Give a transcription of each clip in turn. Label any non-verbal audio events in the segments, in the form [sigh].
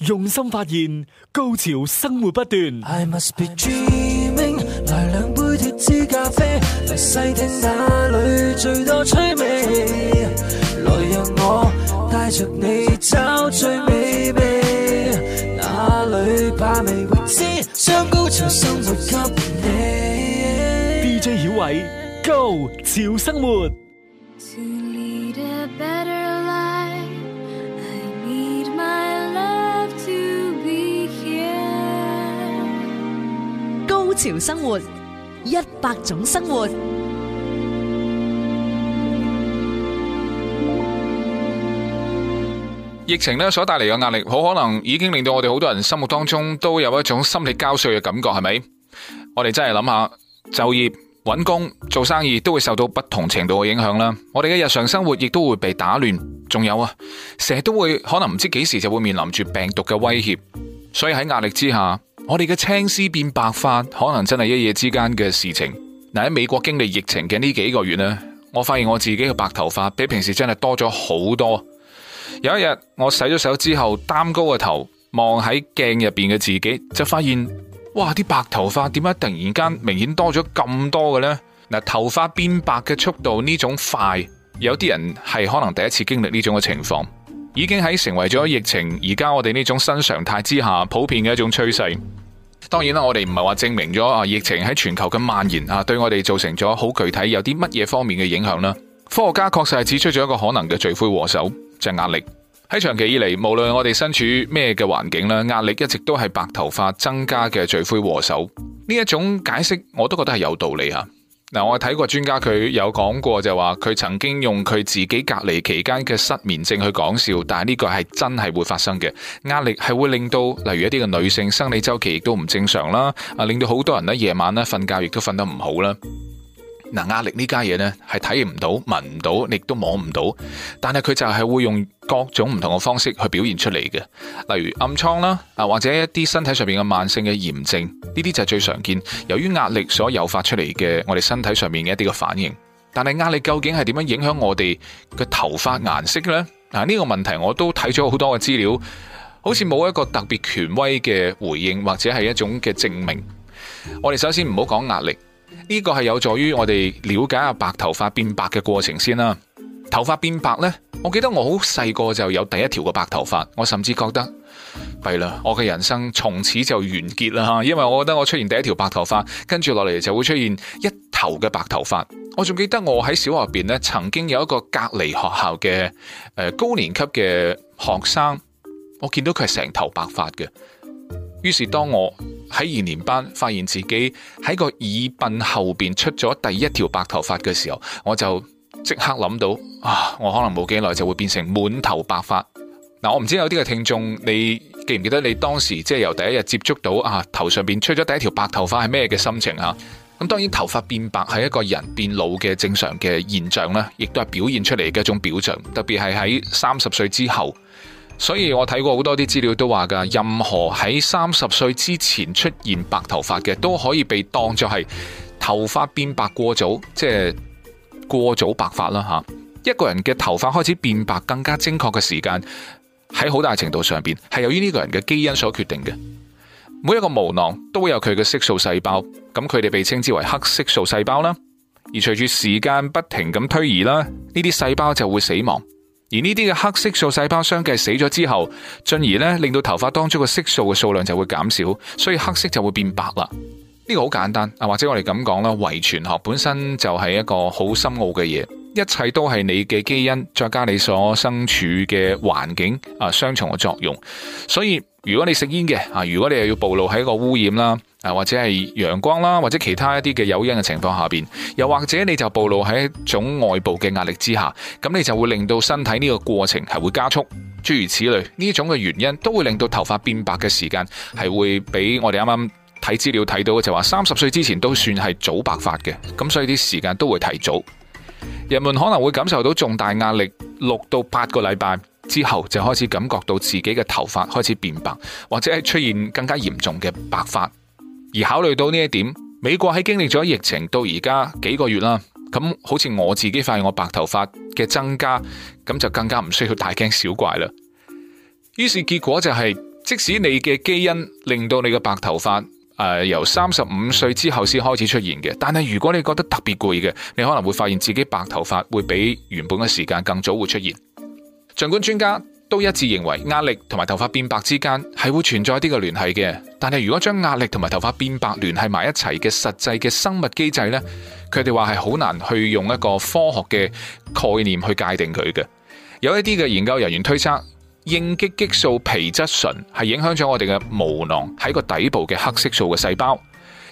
用心發現高潮生活不斷 I must be dreaming 來兩杯鐵，鐵，鐵咖啡來細聽哪裏最多趣味來讓我帶着你找最美味哪裏怕未會知將高潮生活給你 DJ 曉偉高潮生活潮生活，一百種生活。疫情咧所帶嚟嘅壓力，好可能已經令到我哋好多人心目當中都有一種心力交瘁嘅感覺，係咪？我哋真係諗下，就業、揾工、做生意都會受到不同程度嘅影響啦。我哋嘅日常生活亦都會被打亂，仲有啊，成日都會可能唔知幾時就會面臨住病毒嘅威脅，所以喺壓力之下。我哋嘅青絲變白髮，可能真係一夜之間嘅事情。嗱，喺美國經歷疫情嘅呢幾個月呢，我發現我自己嘅白頭髮比平時真係多咗好多。有一日我洗咗手之後，擔高個頭望喺鏡入邊嘅自己，就發現「哇，啲白頭髮點解突然間明顯多咗咁多嘅呢？」嗱，頭髮變白嘅速度呢種快，有啲人係可能第一次經歷呢種嘅情況，已經喺成為咗疫情而家我哋呢種新常態之下普遍嘅一種趨勢。當然啦，我哋唔係話證明咗啊，疫情喺全球嘅蔓延啊，對我哋造成咗好具體有啲乜嘢方面嘅影響啦。科學家確實係指出咗一個可能嘅罪魁禍首，就係壓力。喺長期以嚟，無論我哋身處咩嘅環境啦，壓力一直都係白頭髮增加嘅罪魁禍首。呢一種解釋我都覺得係有道理啊。嗱，我睇過專家佢有講過就話，佢曾經用佢自己隔離期間嘅失眠症去講笑，但係呢個係真係會發生嘅，壓力係會令到，例如一啲嘅女性生理周期亦都唔正常啦，啊，令到好多人咧夜晚咧瞓覺亦都瞓得唔好啦。嗱，壓力呢家嘢呢，係睇唔到、聞唔到、亦都摸唔到，但係佢就係會用各種唔同嘅方式去表現出嚟嘅，例如暗瘡啦，啊或者一啲身體上面嘅慢性嘅炎症，呢啲就係最常見，由於壓力所誘發出嚟嘅我哋身體上面嘅一啲嘅反應。但係壓力究竟係點樣影響我哋嘅頭髮顏色呢？嗱、這、呢個問題我都睇咗好多嘅資料，好似冇一個特別權威嘅回應或者係一種嘅證明。我哋首先唔好講壓力。呢個係有助於我哋了解下白頭髮變白嘅過程先啦。頭髮變白呢，我記得我好細個就有第一條嘅白頭髮，我甚至覺得弊啦，我嘅人生從此就完結啦吓，因為我覺得我出現第一條白頭髮，跟住落嚟就會出現一頭嘅白頭髮。我仲記得我喺小學入邊咧，曾經有一個隔離學校嘅誒、呃、高年級嘅學生，我見到佢係成頭白髮嘅。於是當我喺二年班發現自己喺個耳鬢後邊出咗第一條白頭髮嘅時候，我就即刻諗到啊，我可能冇幾耐就會變成滿頭白髮。嗱、嗯，我唔知有啲嘅聽眾你記唔記得你當時即係、就是、由第一日接觸到啊頭上邊出咗第一條白頭髮係咩嘅心情啊？咁、嗯、當然頭髮變白係一個人變老嘅正常嘅現象啦，亦都係表現出嚟嘅一種表象，特別係喺三十歲之後。所以我睇過好多啲資料都話噶，任何喺三十歲之前出現白頭髮嘅，都可以被當作係頭髮變白過早，即係過早白髮啦吓。一個人嘅頭髮開始變白，更加精確嘅時間喺好大程度上面係由於呢個人嘅基因所決定嘅。每一個毛囊都會有佢嘅色素細胞，咁佢哋被稱之為黑色素細胞啦。而隨住時間不停咁推移啦，呢啲細胞就會死亡。而呢啲嘅黑色素細胞相繼死咗之後，進而呢令到頭髮當中嘅色素嘅數量就會減少，所以黑色就會變白啦。呢個好簡單啊，或者我哋咁講啦，遺傳學本身就係一個好深奧嘅嘢，一切都係你嘅基因，再加你所身處嘅環境啊，雙重嘅作用，所以。如果你食煙嘅啊，如果你又要暴露喺一個污染啦，啊或者係陽光啦，或者其他一啲嘅誘因嘅情況下邊，又或者你就暴露喺一種外部嘅壓力之下，咁你就會令到身體呢個過程係會加速。諸如此類呢種嘅原因都會令到頭髮變白嘅時間係會比我哋啱啱睇資料睇到嘅就話三十歲之前都算係早白髮嘅，咁所以啲時間都會提早。人們可能會感受到重大壓力六到八個禮拜。之後就開始感覺到自己嘅頭髮開始變白，或者係出現更加嚴重嘅白髮。而考慮到呢一點，美國喺經歷咗疫情到而家幾個月啦，咁好似我自己發現我嘅白頭髮嘅增加，咁就更加唔需要大驚小怪啦。於是結果就係、是，即使你嘅基因令到你嘅白頭髮誒、呃、由三十五歲之後先開始出現嘅，但係如果你覺得特別攰嘅，你可能會發現自己白頭髮會比原本嘅時間更早會出現。儘管專家都一致認為壓力同埋頭髮變白之間係會存在一啲嘅聯繫嘅，但係如果將壓力同埋頭髮變白聯繫埋一齊嘅實際嘅生物機制呢，佢哋話係好難去用一個科學嘅概念，去界定佢嘅。有一啲嘅研究人員推測，應激激素皮質醇係影響咗我哋嘅毛囊喺個底部嘅黑色素嘅細胞。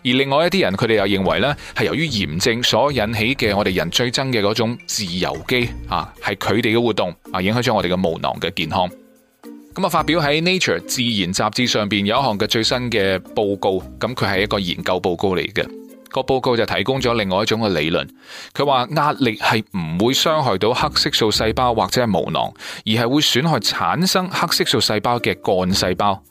而另外一啲人，佢哋又認為呢係由於炎症所引起嘅，我哋人最憎嘅嗰種自由基啊，係佢哋嘅活動啊，影響咗我哋嘅毛囊嘅健康。咁啊，發表喺《Nature》自然雜誌上邊有一項嘅最新嘅報告，咁佢係一個研究報告嚟嘅。個報告就提供咗另外一種嘅理論，佢話壓力係唔會傷害到黑色素細胞或者係毛囊，而係會損害產生黑色素細胞嘅幹細胞。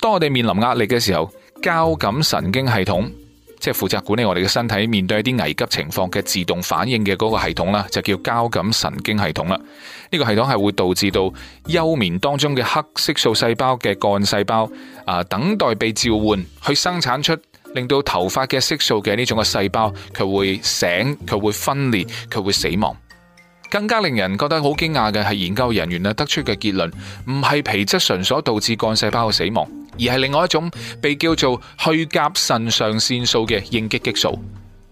當我哋面臨壓力嘅時候。交感神經系統即係負責管理我哋嘅身體面對一啲危急情況嘅自動反應嘅嗰個系統啦，就叫交感神經系統啦。呢個系統係會導致到休眠當中嘅黑色素細胞嘅幹細胞啊，等待被召喚去生產出令到頭髮嘅色素嘅呢種嘅細胞，佢會醒，佢會分裂，佢會死亡。更加令人覺得好驚訝嘅係研究人員啊得出嘅結論，唔係皮質醇所導致幹細胞嘅死亡，而係另外一種被叫做去甲腎上腺素嘅應激激素，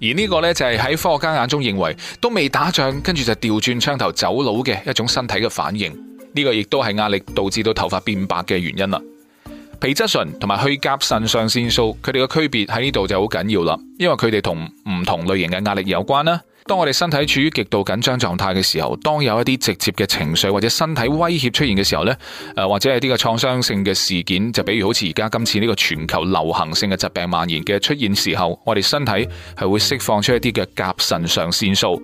而呢個呢，就係喺科學家眼中認為都未打仗，跟住就調轉槍頭走佬嘅一種身體嘅反應。呢個亦都係壓力導致到頭髮變白嘅原因啦。皮質醇同埋去甲腎上腺素，佢哋嘅區別喺呢度就好緊要啦，因為佢哋同唔同類型嘅壓力有關啦。當我哋身體處於極度緊張狀態嘅時候，當有一啲直接嘅情緒或者身體威脅出現嘅時候呢，誒，或者係啲嘅創傷性嘅事件，就比如好似而家今次呢個全球流行性嘅疾病蔓延嘅出現的時候，我哋身體係會釋放出一啲嘅甲腎上腺素，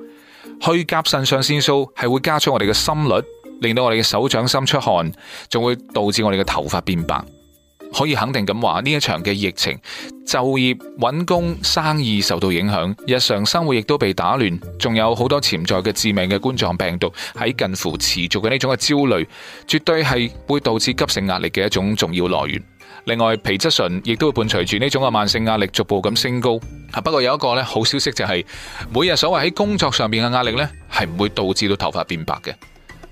去甲腎上腺素係會加速我哋嘅心率，令到我哋嘅手掌心出汗，仲會導致我哋嘅頭髮變白。可以肯定咁話，呢一場嘅疫情，就業、揾工、生意受到影響，日常生活亦都被打亂，仲有好多潛在嘅致命嘅冠狀病毒喺近乎持續嘅呢種嘅焦慮，絕對係會導致急性壓力嘅一種重要來源。另外，皮質醇亦都會伴隨住呢種嘅慢性壓力逐步咁升高。不過有一個咧好消息就係、是，每日所謂喺工作上面嘅壓力咧，係唔會導致到頭髮變白嘅。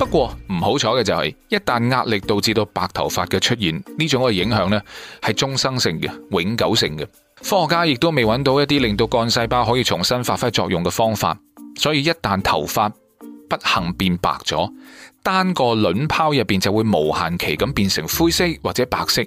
不過唔好彩嘅就係，一旦壓力導致到白頭髮嘅出現，呢種嘅影響呢係終生性嘅、永久性嘅。科學家亦都未揾到一啲令到幹細胞可以重新發揮作用嘅方法，所以一旦頭髮不幸變白咗，單個卵泡入邊就會無限期咁變成灰色或者白色。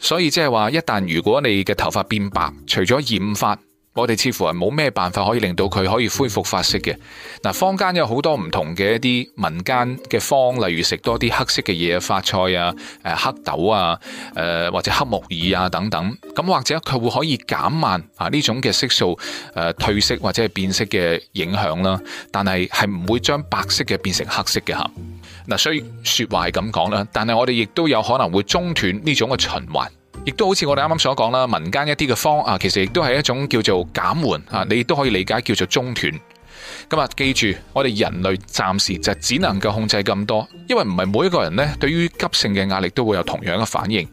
所以即係話，一旦如果你嘅頭髮變白，除咗染髮。我哋似乎係冇咩辦法可以令到佢可以恢復髮色嘅。嗱，坊間有好多唔同嘅一啲民間嘅方，例如食多啲黑色嘅嘢啊，髮菜啊，誒黑豆啊，誒、呃、或者黑木耳啊等等。咁或者佢會可以減慢啊呢種嘅色素誒褪、呃、色或者係變色嘅影響啦。但係係唔會將白色嘅變成黑色嘅吓。嗱，所以說話係咁講啦。但係我哋亦都有可能會中斷呢種嘅循環。亦都好似我哋啱啱所講啦，民間一啲嘅方啊，其實亦都係一種叫做減緩啊，你亦都可以理解叫做中斷。咁啊，記住我哋人類暫時就只能夠控制咁多，因為唔係每一個人呢對於急性嘅壓力都會有同樣嘅反應。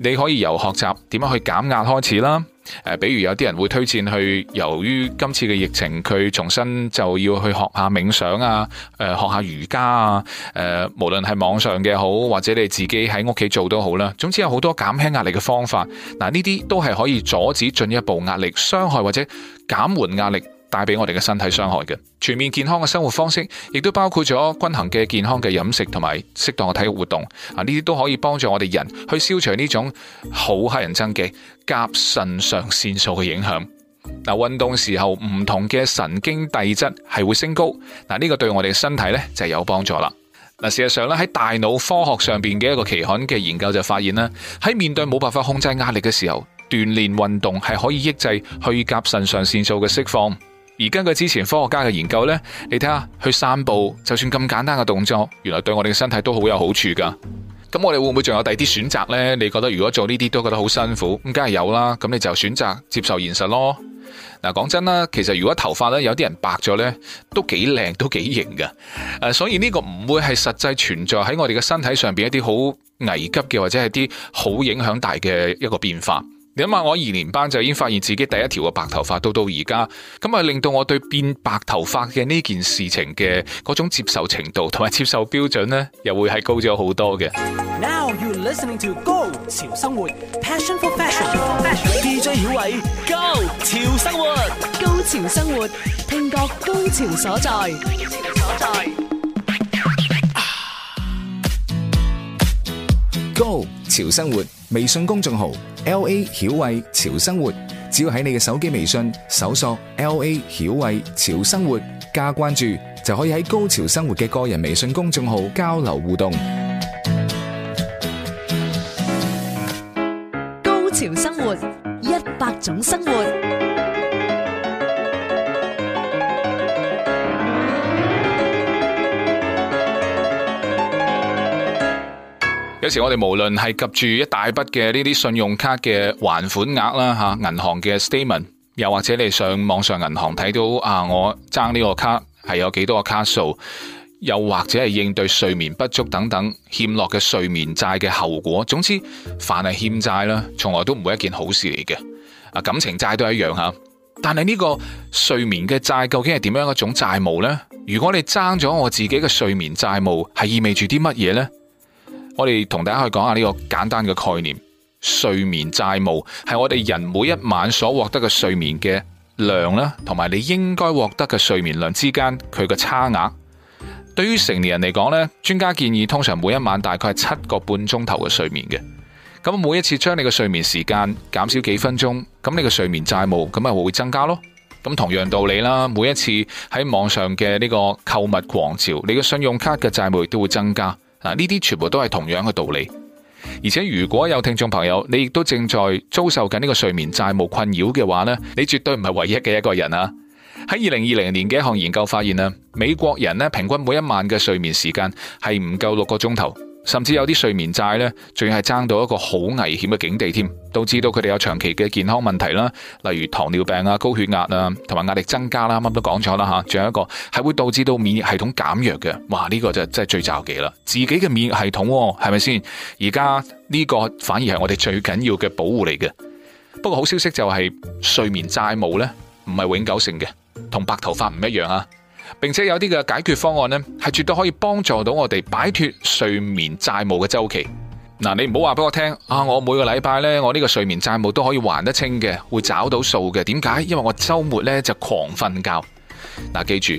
你可以由學習點樣去減壓開始啦。誒，比如有啲人會推薦去，由於今次嘅疫情，佢重新就要去學下冥想啊，誒，學下瑜伽啊，誒，無論係網上嘅好，或者你自己喺屋企做都好啦。總之有好多減輕壓力嘅方法，嗱，呢啲都係可以阻止進一步壓力傷害或者減緩壓力。帶俾我哋嘅身體傷害嘅全面健康嘅生活方式，亦都包括咗均衡嘅健康嘅飲食同埋適當嘅體育活動。啊，呢啲都可以幫助我哋人去消除呢種好乞人憎嘅甲腎上腺素嘅影響。嗱，運動時候唔同嘅神經遞質係會升高。嗱，呢個對我哋嘅身體呢就係、有幫助啦。嗱，事實上咧，喺大腦科學上邊嘅一個期刊嘅研究就發現啦，喺面對冇辦法控制壓力嘅時候，鍛煉運動係可以抑制去甲腎上腺素嘅釋放。而根據之前科學家嘅研究呢，你睇下去散步，就算咁簡單嘅動作，原來對我哋嘅身體都好有好處噶。咁我哋會唔會仲有第二啲選擇呢？你覺得如果做呢啲都覺得好辛苦，咁梗係有啦。咁你就選擇接受現實咯。嗱，講真啦，其實如果頭髮咧有啲人白咗呢，都幾靚，都幾型㗎。誒，所以呢個唔會係實際存在喺我哋嘅身體上邊一啲好危急嘅或者係啲好影響大嘅一個變化。你諗下，我二年班就已經發現自己第一條嘅白頭髮，到到而家，咁啊令到我對變白頭髮嘅呢件事情嘅嗰種接受程度同埋接受標準呢，又會係高咗好多嘅。Now you're listening to Go 潮生活，Passion for fashion，DJ [music] 小偉，Go 潮生活，高潮生活，聽覺高潮所在，高潮所在，Go。高潮生活微信公眾號 L A 曉慧潮生活，只要喺你嘅手機微信搜索 L A 曉慧潮生活加關注，就可以喺高潮生活嘅個人微信公眾號交流互動。高潮生活，一百種生活。有時我哋無論係及住一大筆嘅呢啲信用卡嘅還款額啦，吓，銀行嘅 statement，又或者你上網上銀行睇到啊，我爭呢個卡係有幾多個卡數，又或者係應對睡眠不足等等欠落嘅睡眠債嘅後果，總之，凡係欠債啦，從來都唔會一件好事嚟嘅。啊，感情債都一樣吓，但係呢個睡眠嘅債究竟係點樣的一種債務呢？如果你爭咗我自己嘅睡眠債務，係意味住啲乜嘢呢？我哋同大家去講下呢個簡單嘅概念，睡眠債務係我哋人每一晚所獲得嘅睡眠嘅量啦，同埋你應該獲得嘅睡眠量之間佢嘅差額。對於成年人嚟講咧，專家建議通常每一晚大概係七個半鐘頭嘅睡眠嘅。咁每一次將你嘅睡眠時間減少幾分鐘，咁你嘅睡眠債務咁咪會增加咯。咁同樣道理啦，每一次喺網上嘅呢個購物狂潮，你嘅信用卡嘅債務都會增加。嗱，呢啲全部都係同樣嘅道理。而且如果有聽眾朋友，你亦都正在遭受緊呢個睡眠債務困擾嘅話咧，你絕對唔係唯一嘅一個人啊！喺二零二零年嘅一項研究發現啊，美國人咧平均每一晚嘅睡眠時間係唔夠六個鐘頭。甚至有啲睡眠債咧，仲要係爭到一個好危險嘅境地添，導致到佢哋有長期嘅健康問題啦，例如糖尿病啊、高血壓啊，同埋壓力增加啦，啱啱都講咗啦吓，仲有一個係會導致到免疫系統減弱嘅，哇！呢個就真係最罩忌啦，自己嘅免疫系統係咪先？而家呢個反而係我哋最緊要嘅保護嚟嘅。不過好消息就係，睡眠債務咧唔係永久性嘅，同白頭髮唔一樣啊。並且有啲嘅解決方案呢，係絕對可以幫助到我哋擺脫睡眠債務嘅周期。嗱，你唔好話俾我聽啊！我每個禮拜呢，我呢個睡眠債務都可以還得清嘅，會找到數嘅。點解？因為我週末呢就狂瞓覺。嗱，記住，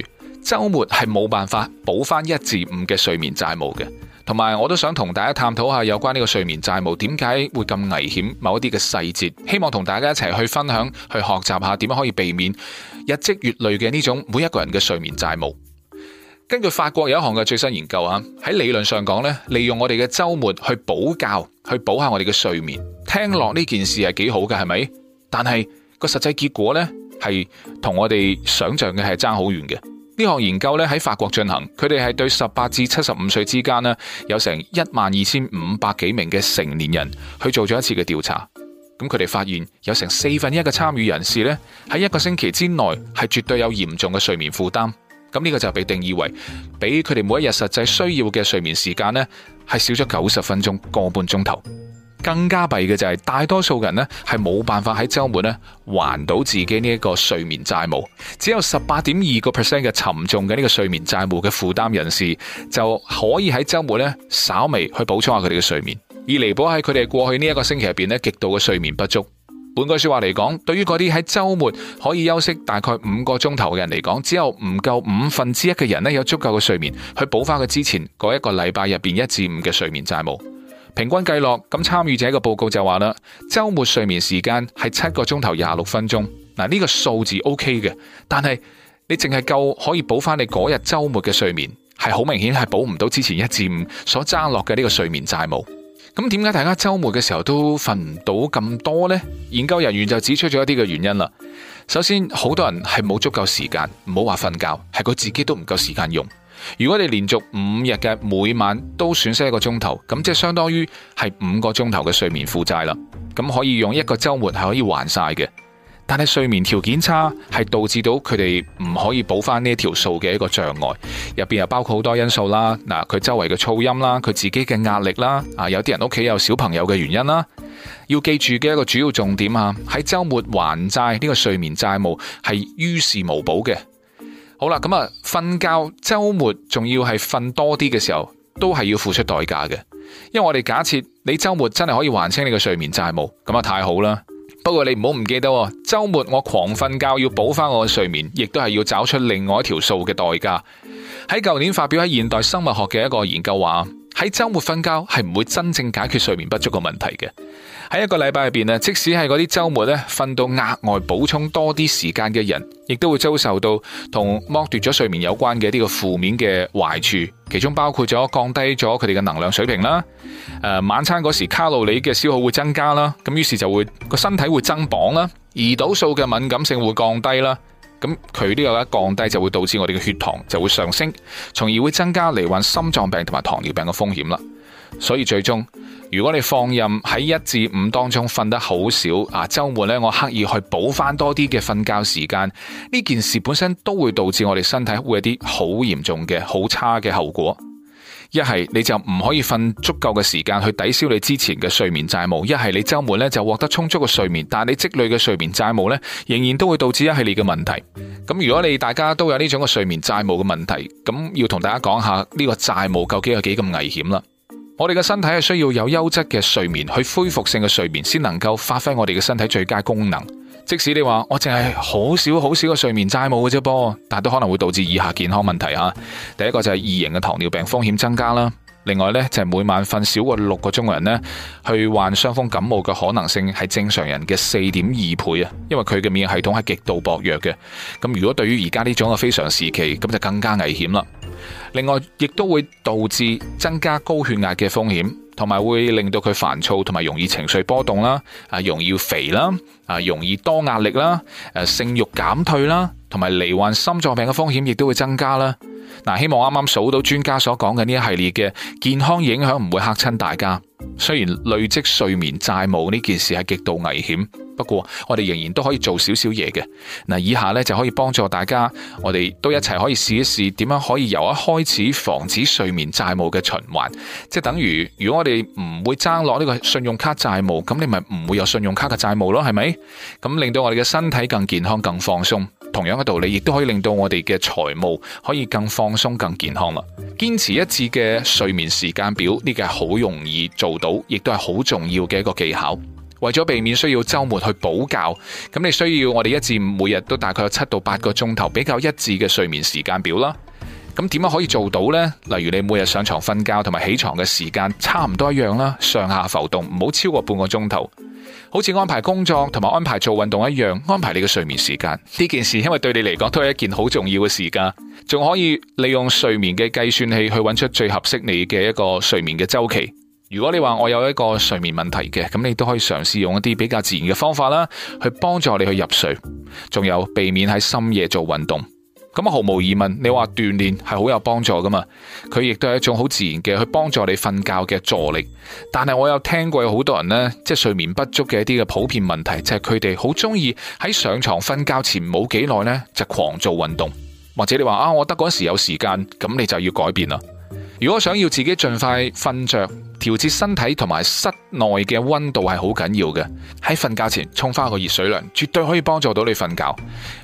週末係冇辦法補翻一至五嘅睡眠債務嘅。同埋，我都想同大家探討下有關呢個睡眠債務點解會咁危險，某一啲嘅細節。希望同大家一齊去分享，去學習下點樣可以避免。日積月累嘅呢種每一個人嘅睡眠債務，根據法國有一項嘅最新研究啊，喺理論上講咧，利用我哋嘅週末去補覺，去補下我哋嘅睡眠，聽落呢件事係幾好嘅，係咪？但係個實際結果呢，係同我哋想象嘅係差好遠嘅。呢項研究呢，喺法國進行，佢哋係對十八至七十五歲之間啦，有成一萬二千五百幾名嘅成年人去做咗一次嘅調查。咁佢哋發現有成四分一嘅參與人士呢，喺一個星期之內係絕對有嚴重嘅睡眠負擔。咁呢個就被定義為比佢哋每一日實際需要嘅睡眠時間呢，係少咗九十分鐘個半鐘頭。更加弊嘅就係，大多數人呢係冇辦法喺周末呢還到自己呢一個睡眠債務。只有十八點二個 percent 嘅沉重嘅呢個睡眠債務嘅負擔人士，就可以喺周末呢稍微去補充下佢哋嘅睡眠。以彌補喺佢哋過去呢一個星期入邊咧，極度嘅睡眠不足。換句說話嚟講，對於嗰啲喺周末可以休息大概五個鐘頭嘅人嚟講，只有唔夠五分之一嘅人咧有足夠嘅睡眠去補翻佢之前嗰一個禮拜入邊一至五嘅睡眠債務。平均計落咁，參與者嘅報告就話啦，周末睡眠時間係七個鐘頭廿六分鐘嗱，呢個數字 OK 嘅，但係你淨係夠可以補翻你嗰日周末嘅睡眠，係好明顯係補唔到之前一至五所爭落嘅呢個睡眠債務。咁點解大家周末嘅時候都瞓唔到咁多呢？研究人員就指出咗一啲嘅原因啦。首先，好多人係冇足夠時間，唔好話瞓覺，係佢自己都唔夠時間用。如果你連續五日嘅每晚都損失一個鐘頭，咁即係相當於係五個鐘頭嘅睡眠負債啦。咁可以用一個周末係可以還晒嘅。但係睡眠條件差係導致到佢哋唔可以補翻呢一條數嘅一個障礙，入邊又包括好多因素啦。嗱，佢周圍嘅噪音啦，佢自己嘅壓力啦，啊，有啲人屋企有小朋友嘅原因啦。要記住嘅一個主要重點啊，喺周末還債呢個睡眠債務係於事無補嘅。好啦，咁啊，瞓覺周末仲要係瞓多啲嘅時候，都係要付出代價嘅。因為我哋假設你周末真係可以還清你個睡眠債務，咁啊太好啦。不過你唔好唔記得，周末我狂瞓覺要補翻我嘅睡眠，亦都係要找出另外一條數嘅代價。喺舊年發表喺《現代生物學》嘅一個研究話。喺周末瞓覺係唔會真正解決睡眠不足嘅問題嘅。喺一個禮拜入邊咧，即使係嗰啲周末咧瞓到額外補充多啲時間嘅人，亦都會遭受到同剝奪咗睡眠有關嘅呢個嘅負面嘅壞處，其中包括咗降低咗佢哋嘅能量水平啦。誒，晚餐嗰時卡路里嘅消耗會增加啦，咁於是就會個身體會增磅啦，胰島素嘅敏感性會降低啦。咁佢呢個咧降低就會導致我哋嘅血糖就會上升，從而會增加罹患心臟病同埋糖尿病嘅風險啦。所以最終，如果你放任喺一至五當中瞓得好少啊，周末呢我刻意去補翻多啲嘅瞓覺時間，呢件事本身都會導致我哋身體會有啲好嚴重嘅、好差嘅後果。一係你就唔可以瞓足夠嘅時間去抵消你之前嘅睡眠債務；一係你周末咧就獲得充足嘅睡眠，但係你積累嘅睡眠債務咧，仍然都會導致一系列嘅問題。咁如果你大家都有呢種嘅睡眠債務嘅問題，咁要同大家講下呢個債務究竟有幾咁危險啦。我哋嘅身體係需要有優質嘅睡眠去恢復性嘅睡眠，先能夠發揮我哋嘅身體最佳功能。即使你話我淨係好少好少個睡眠債務嘅啫噃，但係都可能會導致以下健康問題吓。第一個就係二型嘅糖尿病風險增加啦。另外呢，就係每晚瞓少過六個鐘嘅人呢，去患傷風感冒嘅可能性係正常人嘅四點二倍啊。因為佢嘅免疫系統係極度薄弱嘅。咁如果對於而家呢種嘅非常時期，咁就更加危險啦。另外，亦都會導致增加高血壓嘅風險。同埋會令到佢煩躁，同埋容易情緒波動啦，啊，容易肥啦，啊，容易多壓力啦，誒，性慾減退啦，同埋罹患心臟病嘅風險亦都會增加啦。嗱，希望啱啱數到專家所講嘅呢一系列嘅健康影響，唔會吓親大家。雖然累積睡眠債務呢件事係極度危險。不過我哋仍然都可以做少少嘢嘅。嗱，以下咧就可以幫助大家，我哋都一齊可以試一試點樣可以由一開始防止睡眠債務嘅循環，即係等於如果我哋唔會爭落呢個信用卡債務，咁你咪唔會有信用卡嘅債務咯，係咪？咁令到我哋嘅身體更健康、更放鬆，同樣嘅道理，亦都可以令到我哋嘅財務可以更放鬆、更健康啦。堅持一致嘅睡眠時間表，呢個係好容易做到，亦都係好重要嘅一個技巧。為咗避免需要周末去補覺，咁你需要我哋一至五每日都大概有七到八個鐘頭比較一致嘅睡眠時間表啦。咁點樣可以做到呢？例如你每日上床瞓覺同埋起床嘅時間差唔多一樣啦，上下浮動唔好超過半個鐘頭。好似安排工作同埋安排做運動一樣，安排你嘅睡眠時間呢件事，因為對你嚟講都係一件好重要嘅事㗎。仲可以利用睡眠嘅計算器去揾出最合適你嘅一個睡眠嘅周期。如果你話我有一個睡眠問題嘅，咁你都可以嘗試用一啲比較自然嘅方法啦，去幫助你去入睡。仲有，避免喺深夜做運動。咁毫無疑問，你話鍛煉係好有幫助噶嘛？佢亦都係一種好自然嘅去幫助你瞓覺嘅助力。但係我有聽過有好多人呢，即係睡眠不足嘅一啲嘅普遍問題，就係佢哋好中意喺上床瞓覺前冇幾耐呢，就狂做運動，或者你話啊，我得嗰時有時間，咁你就要改變啦。如果想要自己盡快瞓着。調節身體同埋室內嘅溫度係好緊要嘅。喺瞓覺前沖返個熱水涼，絕對可以幫助到你瞓覺。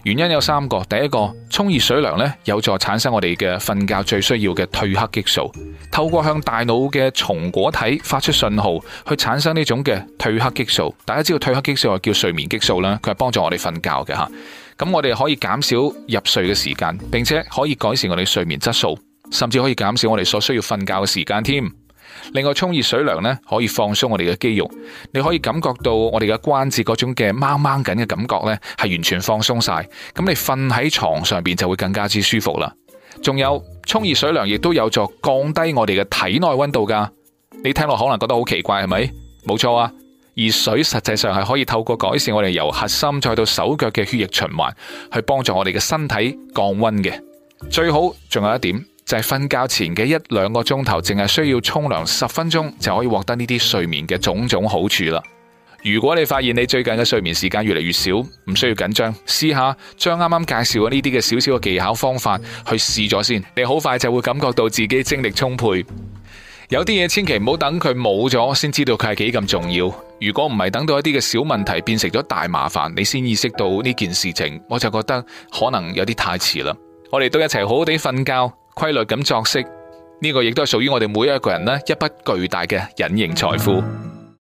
原因有三個，第一個沖熱水涼呢，有助產生我哋嘅瞓覺最需要嘅褪黑激素，透過向大腦嘅松果體發出信號去產生呢種嘅褪黑激素。大家知道褪黑激素係叫睡眠激素啦，佢係幫助我哋瞓覺嘅吓。咁我哋可以減少入睡嘅時間，並且可以改善我哋睡眠質素，甚至可以減少我哋所需要瞓覺嘅時間添。另外，沖熱水涼咧，可以放鬆我哋嘅肌肉，你可以感覺到我哋嘅關節嗰種嘅掹掹緊嘅感覺咧，係完全放鬆晒。咁你瞓喺床上邊就會更加之舒服啦。仲有，沖熱水涼亦都有助降低我哋嘅體內溫度噶。你聽落可能覺得好奇怪，係咪？冇錯啊，熱水實際上係可以透過改善我哋由核心再到手腳嘅血液循環，去幫助我哋嘅身體降溫嘅。最好仲有一點。就係瞓覺前嘅一兩個鐘頭，淨係需要沖涼十分鐘就可以獲得呢啲睡眠嘅種種好處啦。如果你發現你最近嘅睡眠時間越嚟越少，唔需要緊張，試下將啱啱介紹嘅呢啲嘅少少嘅技巧方法去試咗先。你好快就會感覺到自己精力充沛。有啲嘢千祈唔好等佢冇咗先知道佢係幾咁重要。如果唔係等到一啲嘅小問題變成咗大麻煩，你先意識到呢件事情，我就覺得可能有啲太遲啦。我哋都一齊好好地瞓覺。規律咁作息，呢個亦都係屬於我哋每一個人呢一筆巨大嘅隱形財富。